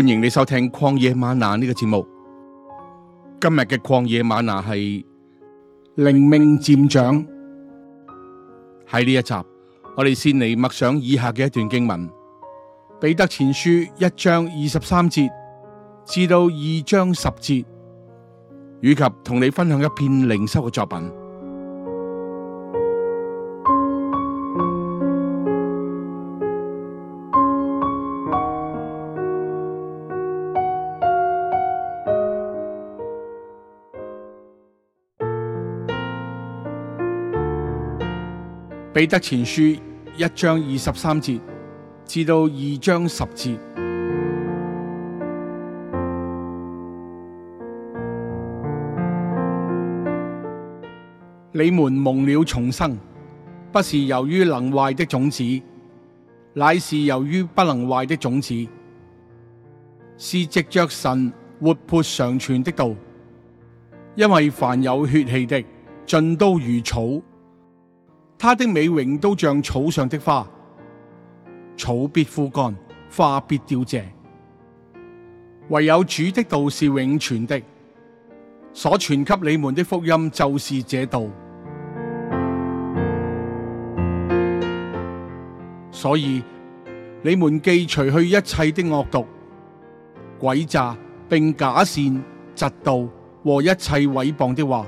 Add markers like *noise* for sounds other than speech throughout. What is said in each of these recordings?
歡迎你收聽曠野嗎哪呢個節目。今日嘅曠野嗎哪係靈命漸長，喺呢一集，我哋先嚟默想以下嘅一段經文：彼得前書一章二十三節至到二章十節，以及同你分享一篇靈修嘅作品。彼得前書一章二十三節至到二章十節， *music* 你們蒙了重生，不是由於能壞的種子，乃是由於不能壞的種子，是藉着神活潑常存的道。因為凡有血氣的，盡都如草。他的美榮都像草上的花，草必枯乾，花必凋謝。唯有主的道是永存的，所傳給你們的福音就是這道。所以你們既除去一切的惡毒、詭詐，並假善、嫉妒和一切毀謗的話，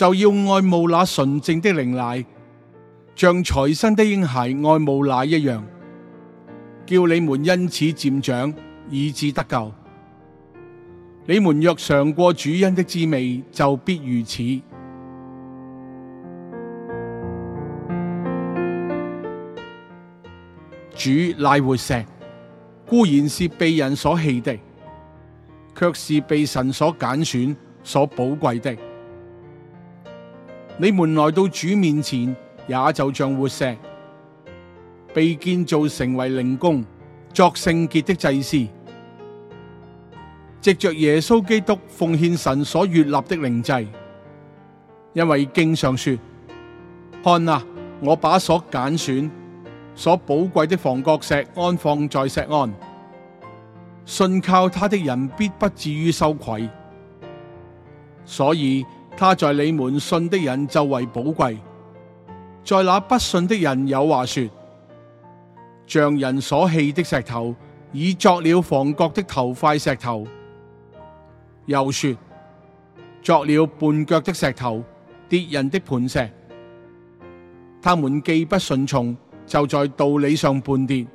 就要愛慕那純淨的靈奶，像才生的嬰孩愛慕奶一樣，叫你們因此漸長，以致得救。你們若嘗過主恩的滋味，就必如此。主乃活石，固然是被人所棄的，卻是被神所揀選、所寶貴的。你們來到主面前，也就像活石，被建造成為靈宮，作聖潔的祭司，藉着耶穌基督奉獻神所悅納的靈祭。因為經上說：看啊，我把所揀選、所寶貴的房角石安放在錫安，信靠他的人必不至於羞愧。所以。他在你們信的人就為寶貴，在那不信的人有話說：匠人所棄的石頭，已作了房角的頭塊石頭；又說，作了絆腳的石頭，跌人的磐石。他們既不順從，就在道理上絆跌。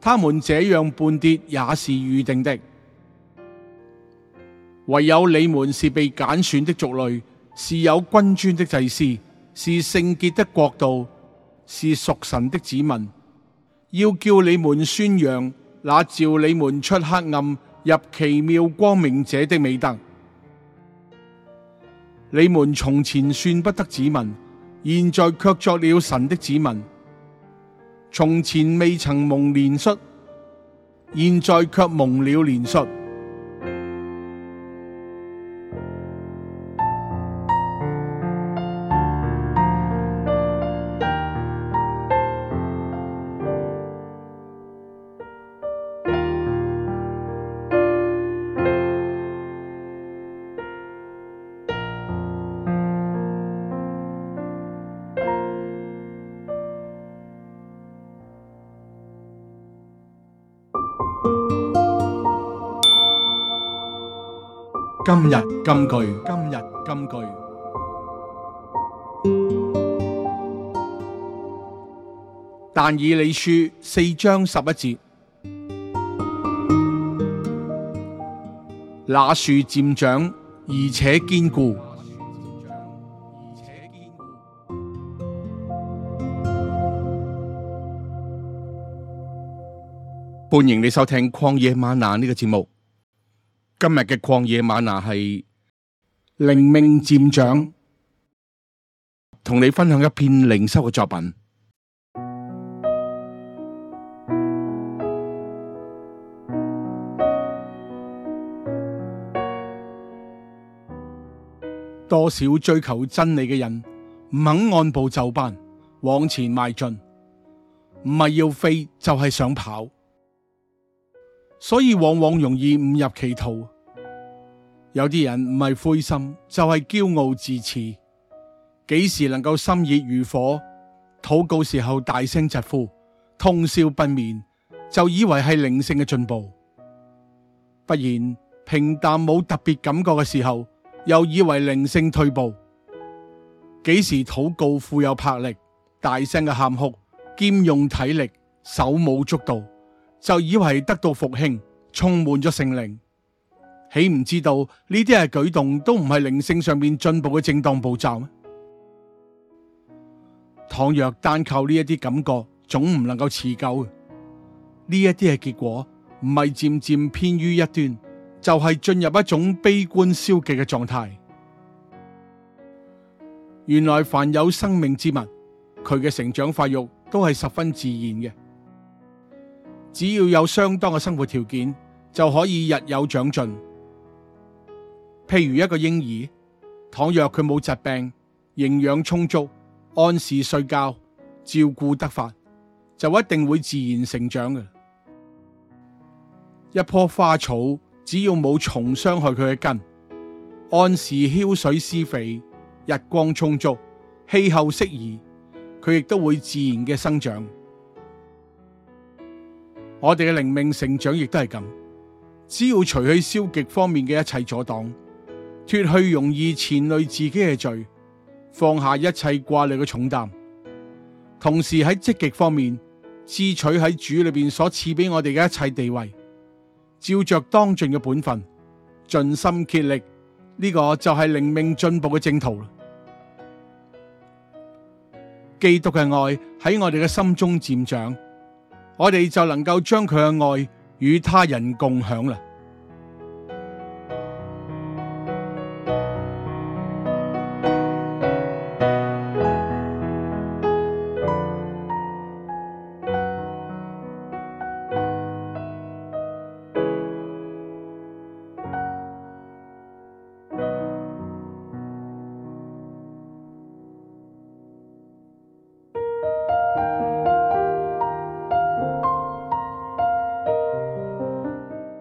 他們這樣絆跌也是預定的。唯有你們是被揀選的族類，是有君尊的祭司，是聖潔的國度，是屬神的子民。要叫你們宣揚那召你們出黑暗入奇妙光明者的美德。你們從前算不得子民，現在卻作了神的子民。從前未曾蒙憐恤，現在卻蒙了憐恤。今日金句，今日金句。但以理書四章十一節，那樹漸長，而且堅固。那樹漸長，而且堅固。歡迎你收聽曠野嗎哪呢個節目。今日嘅曠野嗎哪係靈命漸長，同你分享一篇靈修嘅作品。多少追求真理嘅人唔肯按部就班往前邁進，唔係要飛就係想跑。所以往往容易誤入歧途，有啲人唔係灰心就係、是、驕傲自恃。幾時能夠心熱如火，禱告時候大聲疾呼，通宵不眠就以為係靈性嘅進步，不然平淡冇特別感覺嘅時候又以為靈性退步，幾時禱告富有魄力，大聲嘅喊哭，兼用體力，手舞足蹈。就以為得到復興，充滿咗聖靈，豈唔知道呢啲係舉動都唔係靈性上面進步嘅正當步驟啊？倘若單靠呢一啲感覺，總唔能夠持久嘅。呢一啲係結果，唔係漸漸偏於一端，就係進入一種悲觀消極嘅狀態。原來凡有生命之物，佢嘅成長發育都係十分自然嘅。只要有相當嘅生活條件，就可以日有長進。譬如一個嬰兒，倘若佢冇疾病、營養充足、按時睡覺、照顧得法，就一定會自然成長嘅。一棵花草，只要冇蟲傷害佢嘅根，按時澆水施肥、日光充足、氣候適宜，佢亦都會自然嘅生長。我哋嘅靈命成長亦都係咁，只要除去消極方面嘅一切阻擋，脫去容易纏累自己嘅罪，放下一切掛慮嘅重擔，同時喺積極方面，支取喺主裏邊所賜俾我哋嘅一切地位，照着當盡嘅本分，盡心竭力，呢、這個就係靈命進步嘅正途啦。基督嘅愛喺我哋嘅心中漸長。我哋就能夠將佢嘅愛與他人共享啦。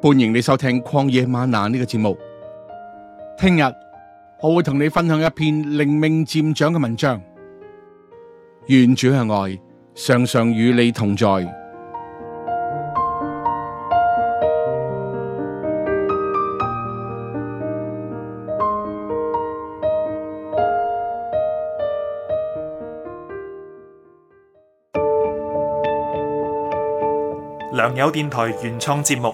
歡迎你收聽曠野嗎哪呢個節目。聽日我會同你分享一篇靈命漸長嘅文章。願主嘅愛常常與你同在。良友電台原創節目。